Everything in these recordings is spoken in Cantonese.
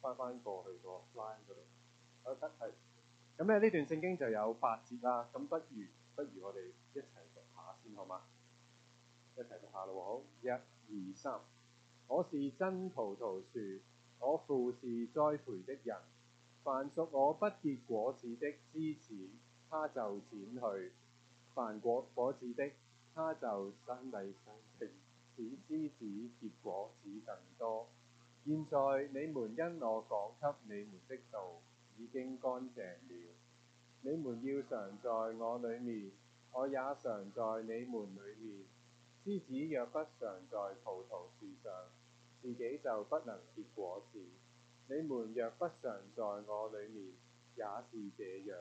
翻翻過去個 line 嗰度，我覺得係咁咧。呢段聖經就有八節啦，咁不如不如我哋一齊讀下先好嗎？一齊讀下咯。好，一二三。我是真葡萄樹，我父是栽培的人。凡屬我不結果子的枝子，他就剪去；凡果果子的，他就生利勢。使枝子結果子更多。現在你們因我講給你們的道已經乾淨了。你們要常在我裏面，我也常在你們裏面。枝子若不常在葡萄樹上，自己就不能結果子。你們若不常在我裏面，也是這樣。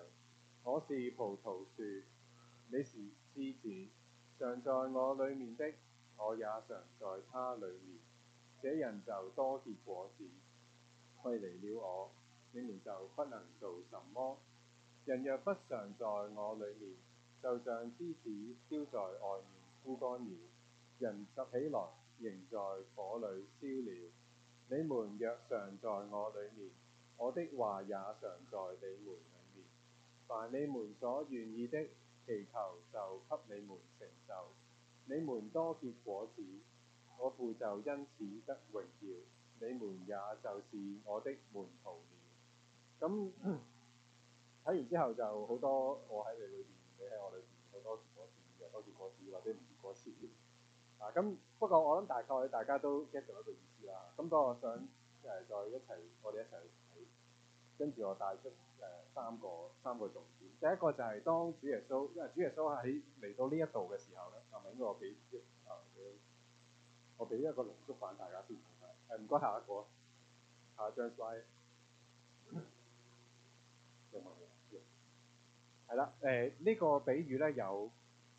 我是葡萄樹，你是枝子，常在我裏面的，我也常在祂裏面。這人就多結果子，離了我，你們就不能做什麼。人若不常在我裏面，就像枝子丟在外面枯乾了；人拾起來，扔在火裏燒了。你們若常在我裏面，我的話也常在你們裏面。凡你們所願意的，祈求就給你們成就。你們多結果子。我父就因此得榮耀，你們也就是我的門徒了。咁睇 完之後就好多我喺你裏邊，你喺我裏邊，好多過節，多啲過節或者唔過節。啊，咁不過我諗大概大家都 get 到一個意思啦。咁我想誒再、嗯啊、一齊，我哋一齊去睇，跟住我帶出誒、啊、三個三個重點。第一個就係當主耶穌，因為主耶穌喺嚟到呢一度嘅時候咧，係咪應該我俾啊我俾一個濃縮版大家先，誒唔該下一個啊，下,一下一張 Sir，有冇嘢？係啦，誒 呢、嗯呃呢個比喻咧有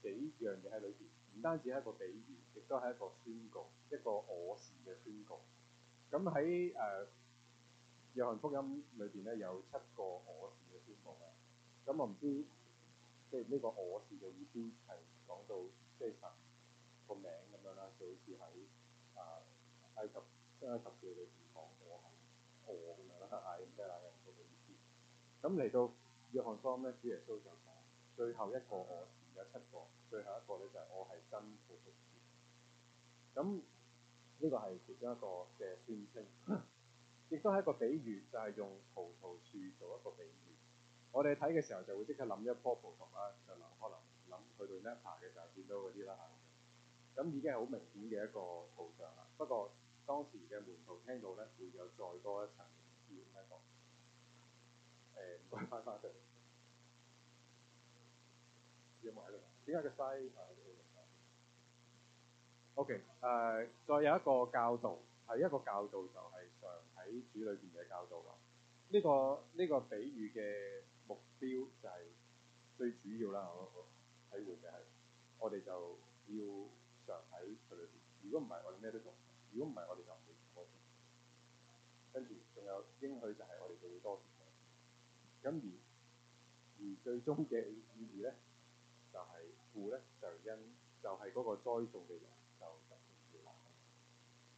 幾樣嘢喺裏邊，唔單止係一個比喻，亦都係一個宣告，一個我是嘅宣告。咁喺誒約翰福音裏邊咧有七個我是嘅宣告啊。咁我唔知即係呢個我是嘅意思係講到即係個名咁樣啦，就好似喺啊埃什埃及叫你唔講我我咁樣啦，哎咁即係啊個意思。咁嚟到約翰三咧，主耶穌就講最後一個我，有七個，最後一個咧就係我係真葡萄樹。咁呢個係其中一個嘅宣稱，亦都係一個比喻，就係用葡萄樹做一個比喻。我哋睇嘅時候就會即刻諗一棵葡萄啦，就可能諗去到 nature 嘅就見到嗰啲啦。咁已經係好明顯嘅一個圖像啦。不過當時嘅門徒聽到咧，會有再多一層，誒唔該翻翻去。有冇喺度？點解個西？OK，誒， 再有一個教導，係一個教導就，就係上喺主裏邊嘅教導啦。呢、這個呢、這個比喻嘅目標就係最主要啦。我體會嘅係，我哋就要。如果唔係，我哋咩都做；如果唔係，我哋就冇。跟住仲有應許就係我哋就要多。咁而而最終嘅意義咧，就係富咧就因就係嗰個栽種嘅人就得到富啦。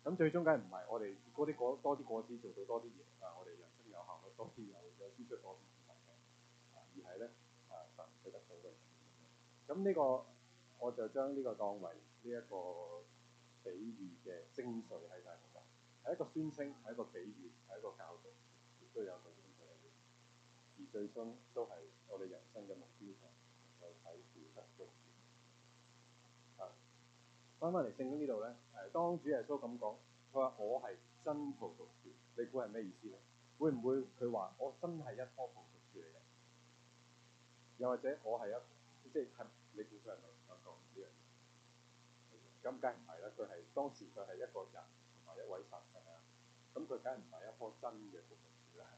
咁最終梗係唔係我哋嗰啲過多啲果子做到多啲嘢啊？我哋人生有效率，多啲有有支出過。而係咧啊，得佢得到嘅。咁、這、呢個我就將呢個當為呢、這、一個。比喻嘅精髓喺度噶，係一個宣稱，係一個比喻，係一個教導，亦都有個精髓喺度。而最終都係我哋人生嘅目標，就係葡萄樹。啊，翻返嚟聖經呢度咧，誒，當主耶穌咁講，佢話我係真葡萄樹，你估係咩意思咧？會唔會佢話我真係一棵葡萄樹嚟嘅？又或者我係一即係你估佢係？咁梗唔係啦？佢係當,當時佢係一個人同埋一位神，係咪啊？咁佢梗唔係一棵真嘅菩提樹啦？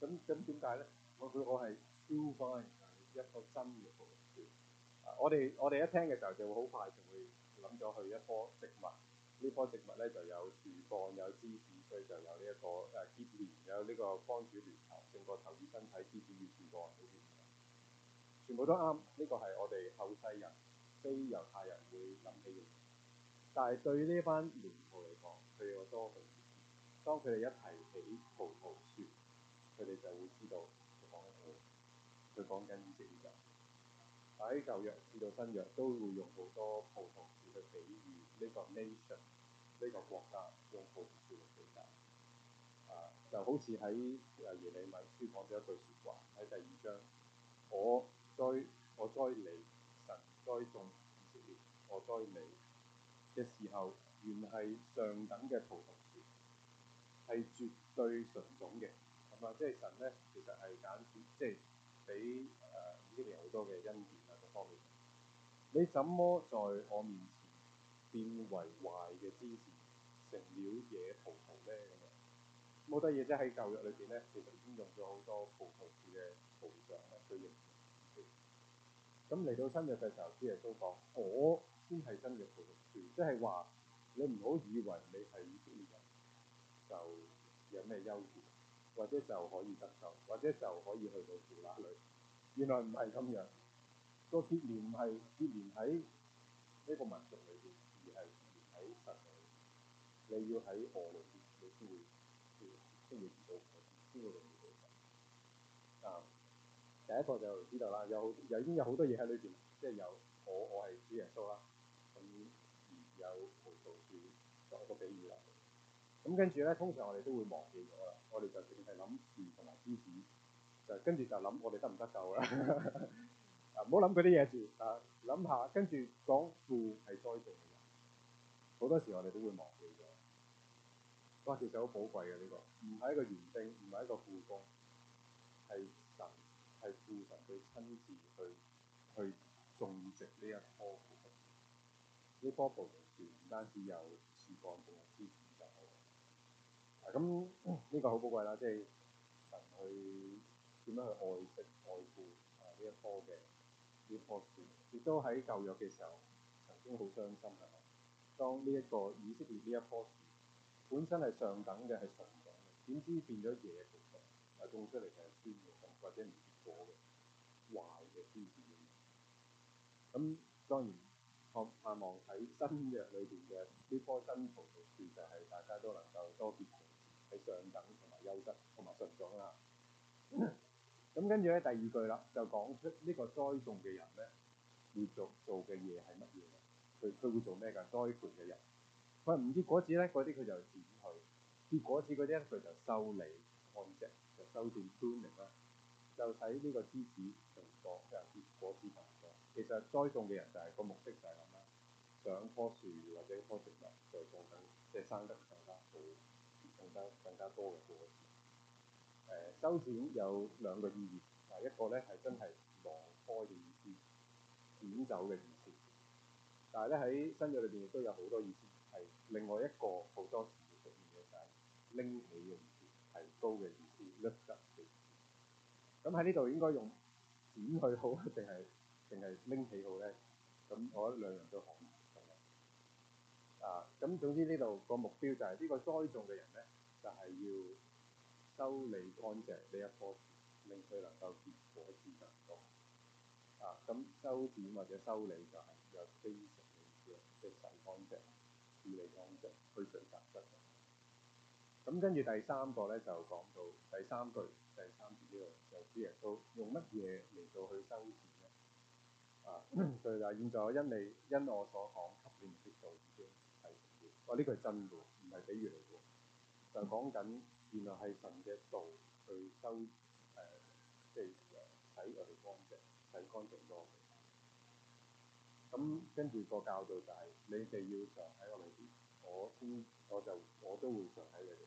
咁咁點解咧？我我我係標翻係一棵真嘅菩提樹。我哋、啊、我哋一聽嘅時候就會好快就會諗咗去一棵植物。呢棵植物咧就有樹幹、有枝葉，所以就有呢、這、一個誒結連有呢個光柱連頭，整個頭身體枝葉樹幹，li, li, li, 全部都啱。呢、這個係我哋後世人。非猶太人會諗起嘢，但係對呢班民族嚟講，佢有多倍。當佢哋一提起葡萄樹，佢哋就會知道佢講緊咩。佢講緊自己嘅。喺舊約至到新約都會用好多葡萄樹去比喻呢個 nation，呢個國家用葡萄樹嚟比較。啊，就好似喺耶利米書講咗一句説話喺第二章。我再我再嚟。栽種以色列，我栽你嘅時候，原係上等嘅葡萄樹，係絕對純種嘅。咁啊，即係神咧，其實係揀選，即係俾誒以色列好多嘅恩典啊，各方面，你怎麼在我面前變為壞嘅枝子，成了野葡萄咧？冇得嘢啫，喺舊約裏邊咧，其實已經用咗好多葡萄樹嘅圖像去形容。咁嚟到新約嘅時候主耶穌講，我先係新約的讀書，即係話你唔好以為你係以色列人就有咩優越，或者就可以得受，或者就可以去到迦拿裏。原來唔係咁樣，個結連唔係結連喺呢個民族裏邊，而係結連喺神裏。你要喺我裏面你先會，先會接受主。啊！第一個就知道啦，有好已經有好多嘢喺裏邊，即係有我我係主耶穌啦，咁有葡萄樹作個比喻啦。咁跟住咧，通常我哋都會忘記咗啦，我哋就淨係諗樹同埋枝子，就跟住就諗我哋得唔得救啦？啊，唔好諗佢啲嘢住啊，諗下跟住講父係栽種嘅，好多時我哋都會忘記咗。哇，其實好寶貴嘅呢、這個，唔係一個園丁，唔係一個富翁，係。係父神，去親自去去種植呢一棵樹。呢棵葡萄樹唔單止由樹幹到枝葉，啊咁呢、嗯這個好寶貴啦！即係神去點樣去愛惜、愛護呢一棵嘅呢棵樹。亦、啊、都喺舊約嘅時候曾經好傷心嘅、啊，當呢、這、一個以色列呢一棵樹本身係上等嘅係純種嘅，點知變咗嘢嘅樹，啊種出嚟就係酸嘅，或者唔～果嘅壞嘅咁，當然盼盼望喺新約裏邊嘅呢棵新葡萄樹就係、是，大家都能夠多結出係上等同埋優質同埋純種啦。咁跟住咧第二句啦，就講出呢個栽種嘅人咧，要做做嘅嘢係乜嘢咧？佢佢會做咩噶？栽培嘅人，佢唔結果子咧，嗰啲佢就剪去，結果子嗰啲咧，佢就修理安植，就修剪 pruning 啦。就睇呢個枝子更多，即係結果枝更多。其實栽種嘅人就係個目的就係咁啦，上樖樹或者樖植物，就種緊，即係生得更加好，種得更加多嘅果。誒、呃，修剪有兩個意義，第一個咧係真係望開嘅意思，剪走嘅意思。但係咧喺新約裏邊亦都有好多意思，係另外一個好多唔同嘅嘢就係拎起嘅意思，提高嘅意思，甩實。咁喺呢度應該用剪去好定係定係拎起好咧？咁我覺得兩樣都可行。啊，咁總之呢度個目標就係呢個栽種嘅人咧，就係、是、要修理乾淨呢一棵樹，令佢能夠結果枝上多。啊，咁修剪或者修理就係有非常嘅即係洗乾淨、處理乾淨、去除雜質。咁跟住第三個咧，就講到第三句、第三段呢、這個投資、就是、人都用乜嘢嚟到去修剪咧？啊，咳咳對啦，現在我因你因我所講吸引啲道已經係，哦呢個係真㗎，唔係比喻嚟㗎，就講緊原來係神嘅道去修，誒、呃，即、就、係、是、洗佢哋方嘅，洗乾淨咗。咁、嗯、跟住個教導就係、是、你哋要常喺我裏面，我先我就我都會常喺你哋。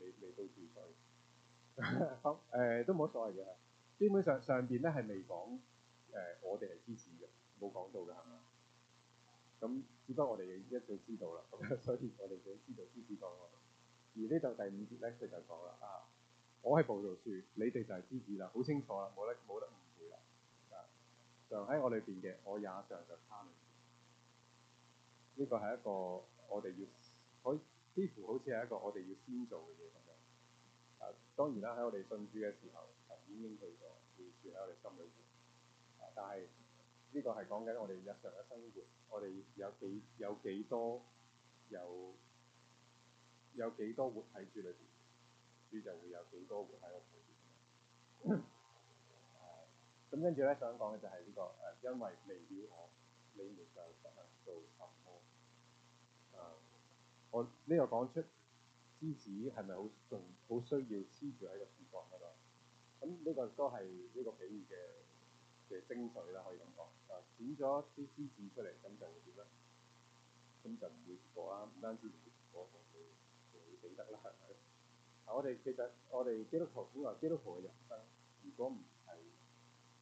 未未到時代，好 誒、哦呃、都冇所謂嘅。基本上上邊咧係未講誒，我哋係支持嘅，冇講到嘅係嘛？咁只不過我哋一早知道啦， 所以我哋就知道支持講。而呢度第五節咧，佢就講啦，啊，我係葡萄樹，你哋就係枝子啦，好清楚啦，冇得冇得誤會啦。啊，常喺我裏邊嘅，我也常在他。呢、這個係一個我哋要可以。似乎好似係一個我哋要先做嘅嘢嚟嘅。啊，當然啦，喺我哋信主嘅時候，啊，已經去咗，記住喺我哋心裏面。啊、但係呢、呢個係講緊我哋日常嘅生活，我哋有幾有幾多有有幾多活喺主裏面，主就會有幾多活喺我裏面。咁跟住咧，想講嘅就係呢個誒、啊，因為未了我，你們就誒做。啊我呢、這個講出枝子係咪好仲好需要黐住喺個樹幹嗰度？咁、嗯、呢、這個都係呢個比喻嘅嘅精髓啦，可以咁講。啊，剪咗啲枝子出嚟，咁就點咧？咁就唔會跌落啦，唔單止唔會跌落，會會整得啦。啊，我哋其實我哋基督徒講話，基督徒嘅人生如果唔係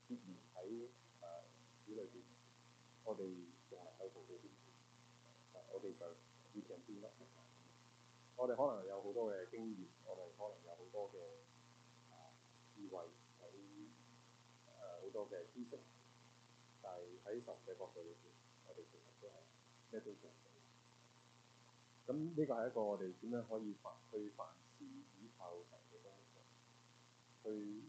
結緣喺啊書裏邊，我哋仲係走錯路添。啊，我哋就～事情變咯，我哋可能有好多嘅經驗，我哋可能有好多嘅、啊、智慧，有好、啊、多嘅知識，但係喺神嘅角度嚟講，我哋其實都係咩都做唔到。咁呢個係一個我哋點樣可以去凡事以求神嘅幫助，去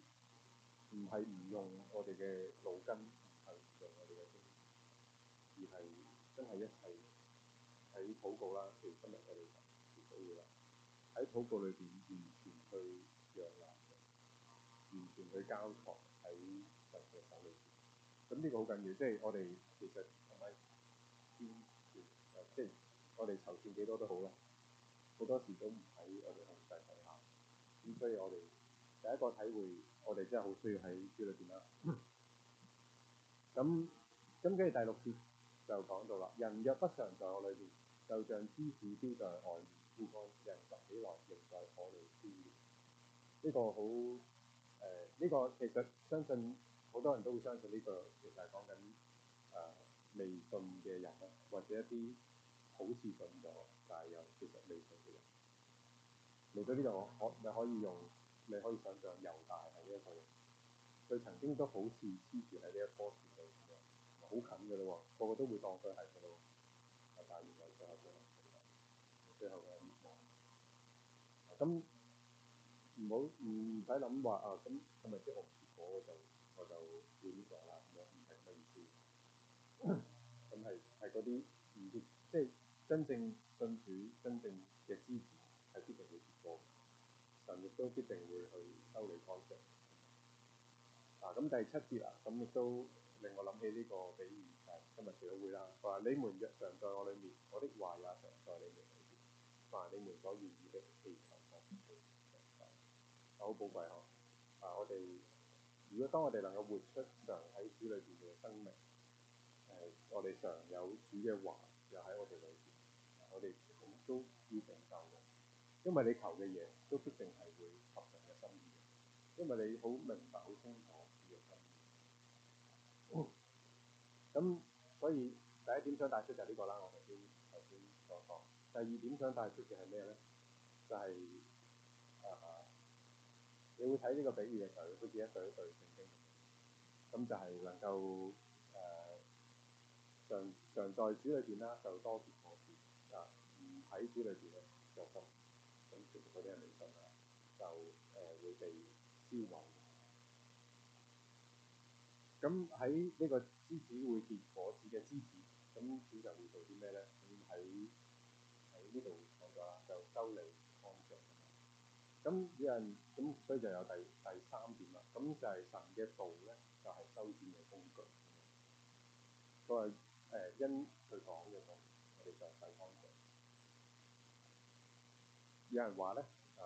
唔係唔用我哋嘅腦筋嚮著我哋嘅經驗，而係真係一切。喺禱告啦，譬如今日我哋做咗嘢啦，喺禱告裏邊完全去讓嘅，完全去交託喺神嘅手裏面。咁呢個好緊要，即係我哋其實同埋編説，即係我哋籌算幾多都好啦，好多時都唔喺我哋控制底下。咁所以我哋第一個體會，我哋真係好需要喺書裏邊啦。咁咁跟住第六節就講到啦，人若不常在我裏邊。就像芝士丟在外面，枯乾人十幾耐，仍在我哋邊。呢、這個好誒，呢、呃這個其實相信好多人都會相信呢個，其實係講緊誒未信嘅人或者一啲好似信咗，但係又其實未信嘅人嚟到呢度，可你可以用你可以想象猶大係呢一個，佢曾經都好似黐住喺呢一棵樹度，好近嘅咯喎，個個都會當佢係嘅咯。最後咁唔好唔使諗話啊！咁咁咪即係結果就我就要呢個啦。我唔係乜意思。咁係係嗰啲唔知，即係真正信主、真正嘅支持係必定會結果。神亦都必定會去修理乾淨。啊！咁、嗯嗯、第七節啊，咁亦都。令我諗起呢個比喻誒今日社會啦，佢話你們日常在我裏面，我的話也常在你們裏面，凡你們所願意的，祈求我，我好寶貴呵。啊，我哋如果當我哋能夠活出常喺主裏面嘅生命，誒、啊，我哋常有主嘅話，又喺我哋裏面，啊、我哋都必成就嘅。因為你求嘅嘢，都必定係會合神嘅心意，因為你好明白，好清楚。咁、嗯、所以第一點想帶出就係呢、這個啦，我頭先頭先講過。第二點想帶出嘅係咩咧？就係、是、誒、啊，你會睇呢個比喻嘅時候，好、就、似、是、一對一對靜靜。咁就係能夠誒、啊，常常在主裏邊啦，就多結果子；啊，唔喺主裏邊咧，就咁全部嗰啲係理論啦，就誒會被燒毀。咁喺呢個枝子會結果子嘅枝子，咁主就會做啲咩咧？喺喺呢度講就修理乾淨。咁有人咁，所以就有第第三點啦。咁就係神嘅道咧，就係修剪嘅工具。佢話誒因佢講嘅道，我哋就係乾淨。有人呢、呃、話咧，誒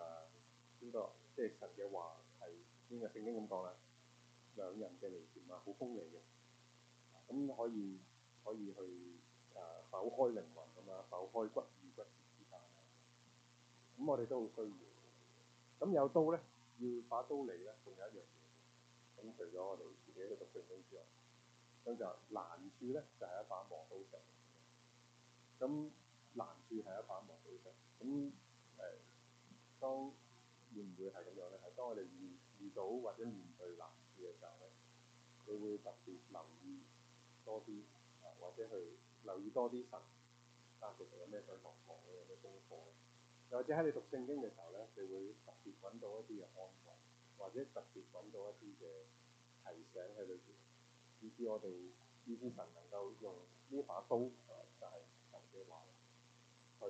呢個即係神嘅話係邊個聖經咁講啊？兩刃嘅利劍啊，好鋒利嘅，咁可以可以去誒剖開靈魂啊，剖開骨節骨髓。咁我哋都好需要。咁有刀咧，要把刀嚟咧，仲有一樣嘢。咁除咗我哋自己嘅獨創功夫之外，咁就難處咧就係一把磨刀石。咁難處係一把磨刀石。咁誒，刀會唔會係咁樣咧？係當我哋遇遇到或者面對難嘅時候咧，你會特別留意多啲，或者去留意多啲神家庭有咩在旁旁嘅功課，又或者喺你讀聖經嘅時候咧，你會特別揾到一啲嘅安慰，或者特別揾到一啲嘅提醒喺裏邊，以至我哋呢啲神能夠用呢把刀，就係、是、神嘅話，去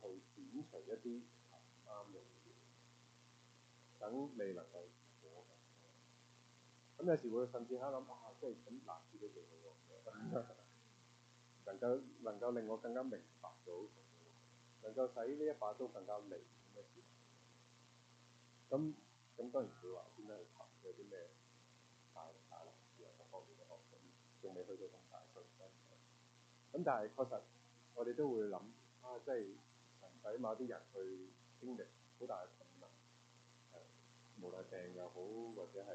去剪除一啲唔啱嘅嘢，等未能夠。咁、嗯、有時會甚至嚇諗啊，即係咁難處喺度喎，能夠能夠令我更加明白到，能夠使呢一把刀更加利咁樣。咁咁，當然佢會話點樣去談有啲咩大難，兩個方面嘅學問，仲未去到咁大歲。咁、嗯嗯、但係確實，我哋都會諗啊，即係使某啲人去經歷好大嘅困難，無論病又好或者係。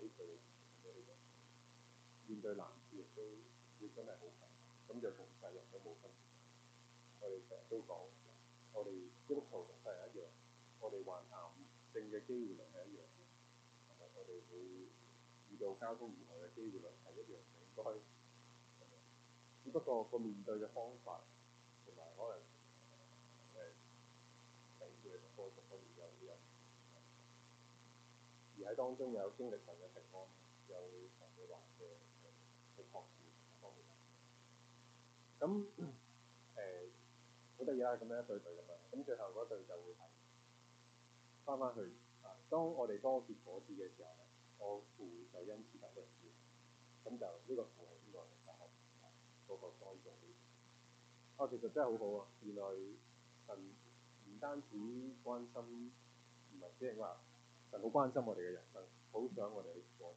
面對難處亦都要真係好強，咁就同世人都冇分別。我哋成日都講，我哋基督徒同佢係一樣，我哋患癌症嘅機會率係一樣，同埋我哋會遇到交通意外嘅機會率係一樣，應該樣。只 不過個面對嘅方法同埋可能。喺當中有經歷上嘅情況， 欸、有同季華嘅去擴展方面。咁誒好得意啦，咁樣一對一對咁樣，咁最後嗰對就會係翻翻去。當我哋多結果子嘅時候咧，我父就因此得個子，咁就呢個係呢個大學個個代代表。其實真係好好啊，原來真唔單止關心，唔係即係話。好關心我哋嘅人生，好想我哋去結果，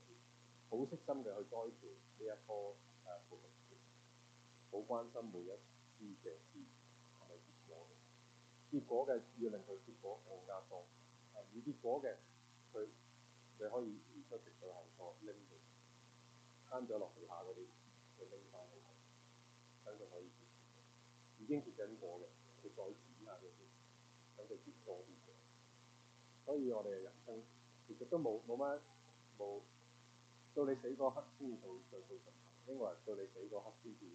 好悉心嘅去栽培呢一棵誒葡萄樹，好、啊、關心每一枝嘅事係咪結果。我結果嘅要令佢結果更加多，啊！冇結果嘅，佢你可以出直對後座拎佢，攤咗落去下嗰啲，佢拎翻去，等佢可以支持。已經結緊果嘅，佢再剪下佢，等佢結果。所以我哋嘅人生其實都冇冇乜冇到你死嗰刻先做再做進行，因為到你死嗰刻先至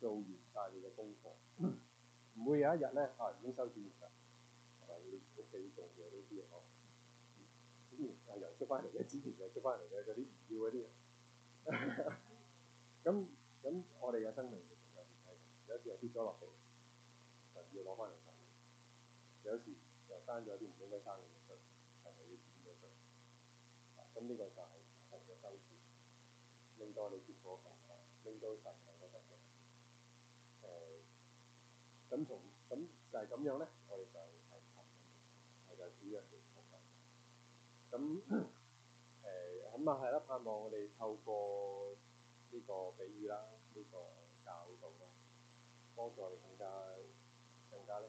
做完曬你嘅功課，唔會有一日咧啊，已經收線㗎，係要繼續做嘢呢啲嘢咯。當然係又出翻嚟，嘅，之前又出翻嚟嘅嗰啲唔要嗰啲嘢。咁咁 我哋嘅生命其實有啲嘅，有時又跌咗落地，就要攞翻嚟有時。又生咗啲唔應該生嘅嘢出嚟，係要點樣做？咁、啊、呢、這個就係神嘅恩典，令、就、到、是、我哋結果更好，令到神能夠得力。誒，咁、啊啊、從咁就係、是、咁樣咧，我哋就係就點樣嚟講？咁誒咁啊，係、嗯、啦、啊！盼望我哋透過呢個比喻啦，呢、這個教導啦，幫助我哋更加咧。更加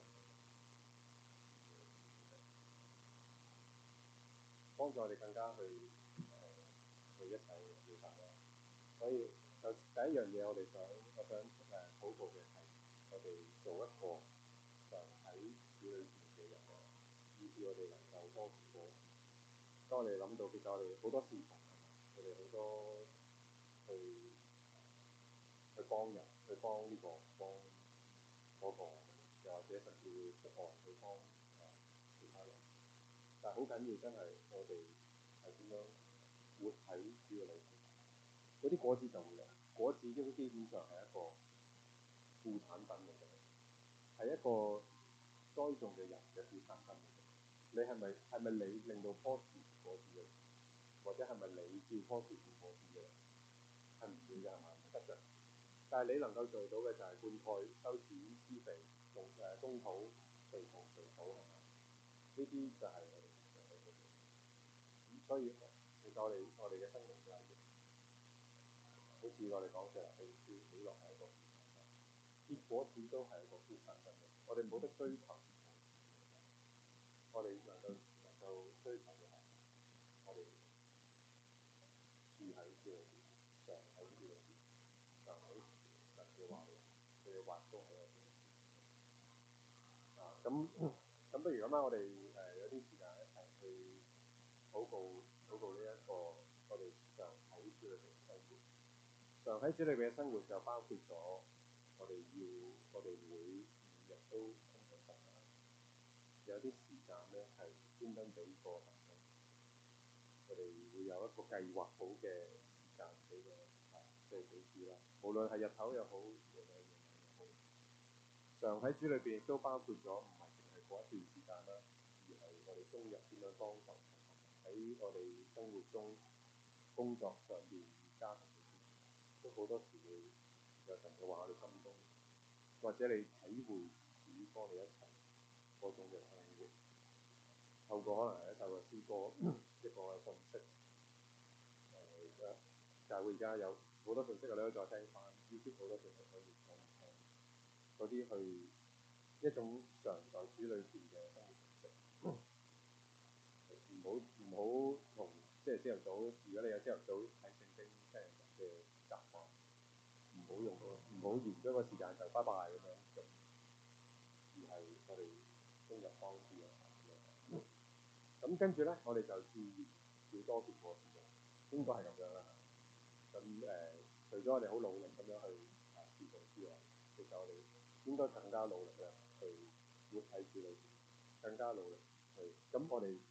幫助我哋更加去、呃、去一齊表達咯。所以第一樣嘢，我哋想，我想誒報告嘅係，我哋做一個就喺子女年嘅入嚟，以至我哋能夠幫助過。當我哋諗到比我哋好多視頻，佢哋好多去、啊、去幫人，去幫呢個幫嗰個，又、那個、或者甚至係幫對方。但係好緊要，真係我哋係點樣活喺呢個裏面？嗰啲果子就會嚟，果子已經基本上係一個副產品嚟嘅，係一個栽種嘅人嘅副產品嚟嘅。你係咪，係咪你令到棵樹果子嘅，或者係咪你照棵樹換果子嘅，係唔變嘅係嘛？唔得嘅。但係你能夠做到嘅就係灌溉、收錢、施肥、同誒鬆土、肥土、水土。呢啲、啊、就係、是。所以，喺我哋我哋嘅生活嘅，好似我哋講嘅，佢起落係一個結果，始終係一個事實性嘅。我哋冇得追求，我哋能夠能夠追求嘅係，我哋住喺住，就喺住，就喺住嘅話嘅話都係。啊，咁咁不如咁啦，我哋。到到呢一個，我哋常喺主裏邊嘅生活，常喺主裏邊嘅生活就包括咗我哋要， 我哋會每日都工作啊，有啲時間咧係專登俾個人。我哋會有一個計劃好嘅時間俾個即係彼此啦。無論係日頭又好，夜晚又好，常喺主裏邊亦都包括咗唔係淨係嗰一段時間啦，而係我哋中日點樣幫手。喺我哋生活中、工作上面、家庭上面，都好多時會有神嘅話我哋感動，或者你體會主幫你一齊各種嘅生活。透過可能喺透過詩歌，一個嘅信息，誒，但係會而家有好多信息啊，你都再聽翻 y o 好多信息可以講，嗰啲去一種常在主裏邊嘅。唔好唔好同即係朝頭早，如果你有朝頭早睇聖經日日嘅習慣，唔好用，唔好延咗個時間就拜拜咁樣、嗯，而係我哋工作方式咯。咁跟住咧，我哋就自然要多啲工作。應該係咁樣啦。咁、嗯、誒、呃，除咗我哋好努力咁樣去啊協助之外，其實我哋應該更加努力啦，去要睇住你更加努力去。咁我哋。嗯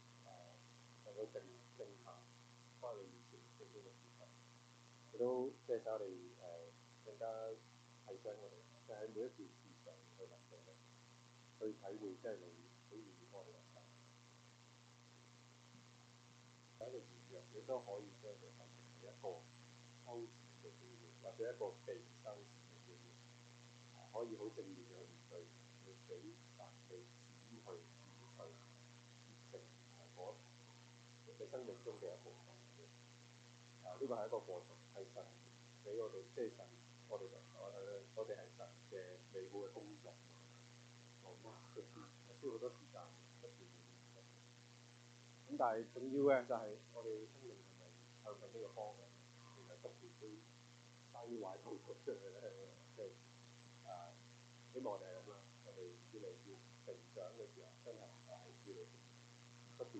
有正正派翻嚟以前嘅知識，亦都即係使我哋誒更加提升我哋，就喺每一件事上去諗嘅，去體會即係你表現愛嘅心。喺度預約，亦都可以將佢變成一個收錢嘅嘅，或者一個被生錢嘅嘅，可以好正面去對對比。生命中嘅過程嘅，啊呢個係一個過程，係神俾我哋，即係神，我哋我哋係神嘅美好嘅工作，好多付出，花好多時間。咁、嗯、但係重要嘅就係我哋生命向緊呢個方向，其實不斷去低壞痛即係啊，希望我哋咁樣，我哋要成長嘅時候，真係係要不斷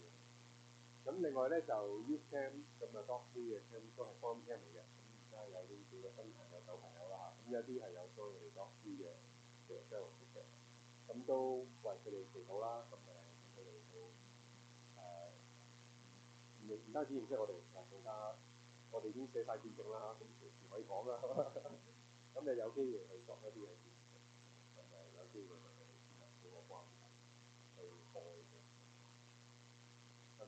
咁另外咧就 U-Cam 咁啊，Doctor 嘅 cam 都係 form cam 嚟嘅。咁而家有啲少嘅新朋友、舊朋友啦嚇，咁有啲係有多嘅 Doctor 嘅，即係咁都為佢哋祈禱啦。咁、呃、誒，佢哋都誒唔單止認識我哋其他，我哋已經寫曬見證啦咁隨時可以講啦。咁 就有機會去做一啲嘢，咁、呃、誒有啲佢哋嘅聯絡方式去開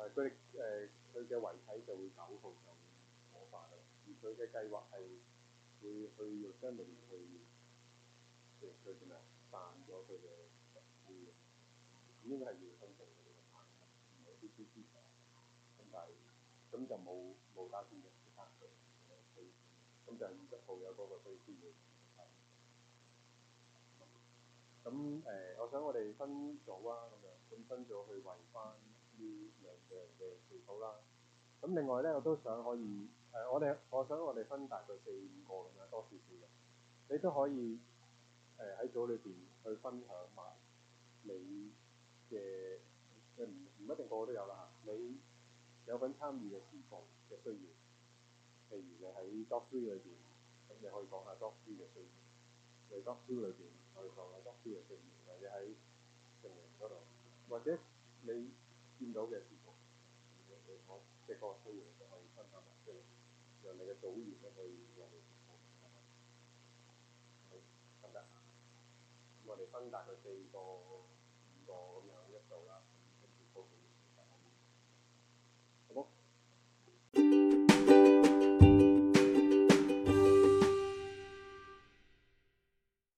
佢誒佢嘅遺體就會九號就會火化啦。而佢嘅計劃係會去用真銅去佢點啊？散咗佢嘅殯儀，咁應該係用真銅嘅嚟燻嘅，冇啲啲啲金帶，咁就冇冇打算嘅其他嘅，嘅咁就二十號有嗰個需要。咁誒、嗯呃，我想我哋分組啊，咁樣分組去圍翻呢？嘅嘅情況啦。咁另外咧，我都想可以誒、呃、我哋我想我哋分大概四五個咁樣多少少嘅，你都可以誒喺、呃、組裏邊去分享埋你嘅，誒，唔、呃、唔一定個個都有啦嚇。你有份參與嘅事項嘅需要，譬如你喺 docs 裏邊，咁你可以講下 docs 嘅需要，你 docs 裏邊可以講下 docs 嘅需要，或者喺成明嗰度，或者你見到嘅即個需要都可以分開，即係讓你嘅組員咧可以用，好分得，我哋分得佢四個、五個咁樣。